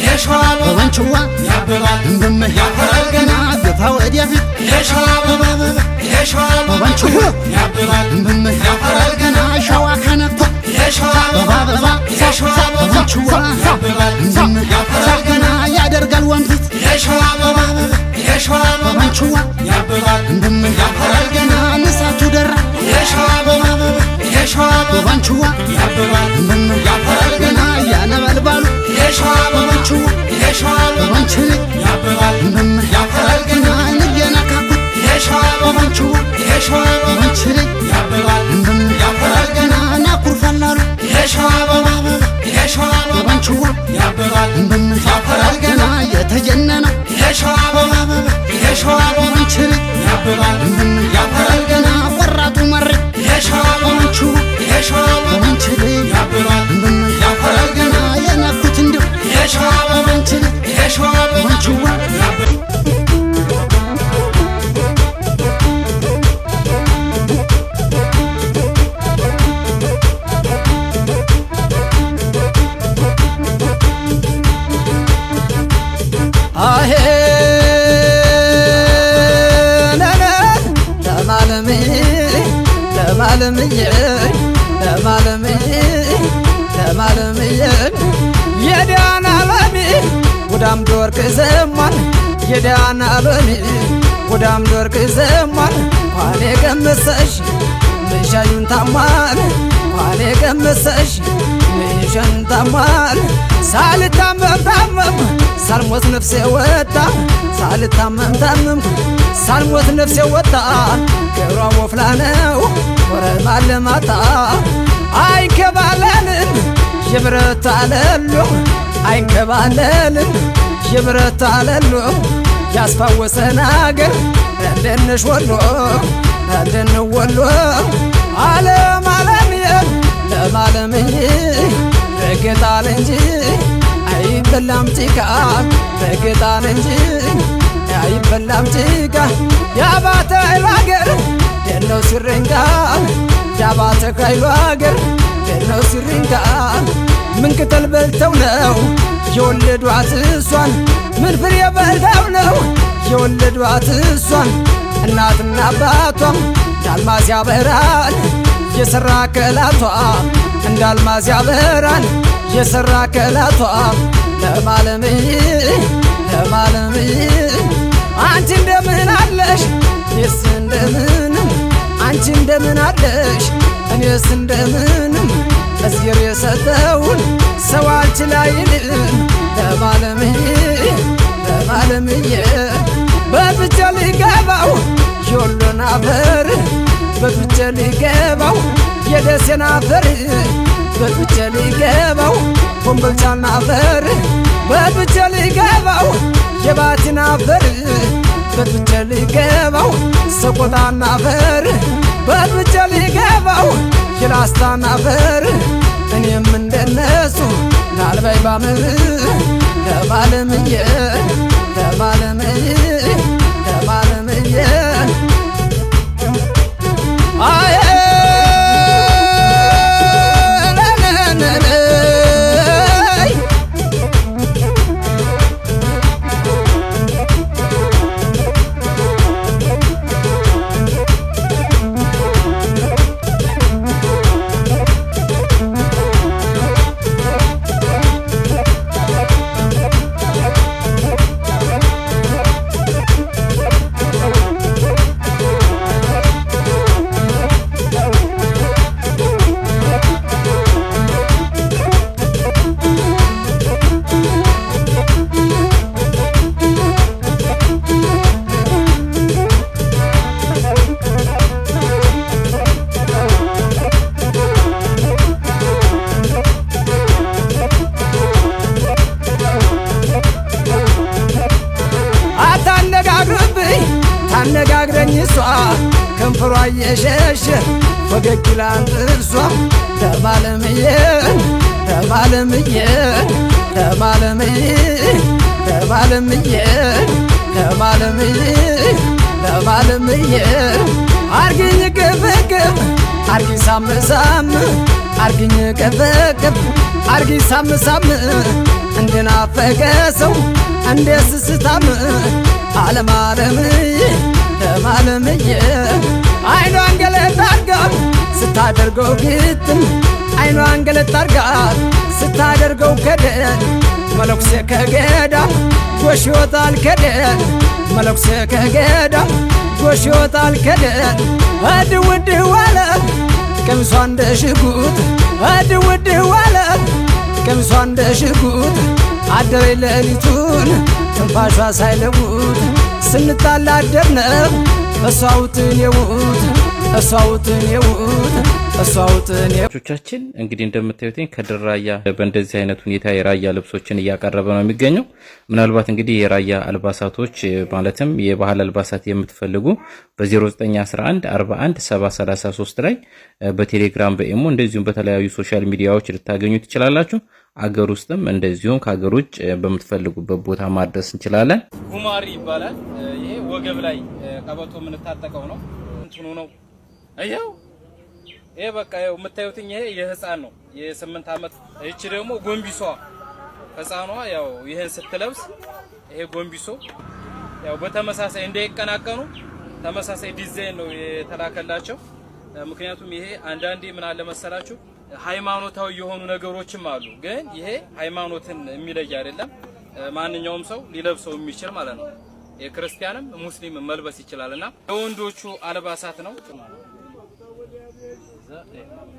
ይላል ወንጭዋ እንብምህ ና ገፋ ወዲያ ፊት ወንጭዋ እንብምህ ና ሸዋ ከነቶ በባበባ ወንጭዋ እንብምህ ና ያደርጋል ወንፊት ወንጭዋ እንብምህ ና ንሳቱ ደራ በባንችዋ እንብምህ ይጠልባል ይሻል በምቹ ይሻል በምቹ ያበራል ያፈራል ገና ንገና ካቡ ይሻል በምቹ ይሻል በምቹ ያበራል ያፈራል ገና ናኩርፋላሉ ይሻል በማቡ ይሻል በምቹ ያበራል ያፈራል ገና የተጀነነው ይሻል በማቡ ይሻል በምቹ ያበራል ለማለምዬ ለማለምዬ ለማለምዬ የዳና ሎሚ ጉዳም ዶርቅ ዘሟል የዳና ሎሚ ጉዳም ዶርቅ ዘሟል ኳኔ ገመሰሽ ምሻዩን ታሟል ኳኔ ገመሰሽ ምሽን ታማል ሳልታመም ታመምኩ ሳልሞት ነፍሴ ወጣ ሳልታመም ታመምኩ ሳልሞት ነፍሴ ወጣ ገብሯ ሞፍላ ነው ወረማ ለማታ አይንከባለልን የብረት አለሎ አይንከባለልን የብረት አለሎ ያስፋወሰን አገር እንደነሽ ወሎ እንደን ወሎ አለም አለምየ ለማለምይ ረገጣል እንጂ አይበላም ጭቃ ረገጣል እንጂ አይበላም ጭቃ ያባተ ላገር ደነው ሲሪንጋ ያባተ ካይሉ አገር ደነው ሲሪንጋ ምን ቅጠል በልተው ነው የወለዷት እሷን? ምን ፍሬ በልተው ነው የወለዷት እሷን? እናትና አባቷም እንዳልማዝ ያበራል የሰራ ከላቷ እንዳልማዝ ያበራል የሰራ ከላቷ ለማለም እንደምን አለሽ? እኔስ እንደምን እግዜር የሰጠውን ሰው አልችላይልም። ለማለምዬ ለማለምዬ በፍቼ ሊገባው የወሎን አፈር በፍቼ ሊገባው የደሴን አፈር በፍቼ ሊገባው ኮምቦልቻን አፈር በፍቼ ሊገባው የባቲን አፈር በፍቼ ሊገባው ሰቆጣን አፈር በልብጬ ሊገባው የላስታና በር እኔም እንደነሱ ናልበይ ባምር ለባለምዬ አነጋግረኝ እሷ ከንፈሯ እየሸሸ ፈገግ ይላል እሷ ተማለምዬ ተማለምዬ ተማለምዬ ተማለምዬ ተማለምዬ ተማለምዬ አርግኝ ቅፍቅፍ አርጊ ሳም አርግኝ ቅፍቅፍ አርጊ ሳም ሳም ሰው እንደ አለም አለምዬ ለማለምዬ አይኗን ገለጥ አርጋት ስታደርገው ግጥም አይኗን ገለጥ አርጋት ስታደርገው ከደን መለኩሴ ከገዳ ጎሽ ይወጣል ከደን መለኩሴ ከገዳ ጎሽ ይወጣል ከደን እድ ውድ ዋለ ቀሚሷ እንደ ሽጉጥ እድ ውድ ዋለ ቀሚሷ እንደ ሽጉጥ አደረይ ሌሊቱን ትንፋሿ ሳይለውጥ ስንጣላ አደርነ እሷውትን የውት እሷውትን የውት ቻችን እንግዲህ እንደምታዩትኝ ከድር ራያ በእንደዚህ አይነት ሁኔታ የራያ ልብሶችን እያቀረበ ነው የሚገኘው። ምናልባት እንግዲህ የራያ አልባሳቶች ማለትም የባህል አልባሳት የምትፈልጉ በ0911 41 733 ላይ በቴሌግራም በኢሞ እንደዚሁም በተለያዩ ሶሻል ሚዲያዎች ልታገኙ ትችላላችሁ። አገር ውስጥም እንደዚሁም ከሀገር ውጭ በምትፈልጉበት ቦታ ማድረስ እንችላለን። ጉማሪ ይባላል። ይሄ ወገብ ላይ ቀበቶ የምንታጠቀው ነው። እንትኑ ነው ይሄ በቃ ያው የምታዩትኝ ይሄ የህፃን ነው የስምንት ዓመት እቺ ደግሞ ጎንቢሷ ህፃኗ ያው ይሄን ስትለብስ ይሄ ጎንቢሶ ያው በተመሳሳይ እንዳይቀናቀኑ ተመሳሳይ ዲዛይን ነው የተላከላቸው። ምክንያቱም ይሄ አንዳንዴ ምን አለ መሰላችሁ ሃይማኖታዊ የሆኑ ነገሮችም አሉ፣ ግን ይሄ ሃይማኖትን የሚለይ አይደለም። ማንኛውም ሰው ሊለብሰው የሚችል ማለት ነው። የክርስቲያንም ሙስሊም መልበስ ይችላልና የወንዶቹ አልባሳት ነው። 对。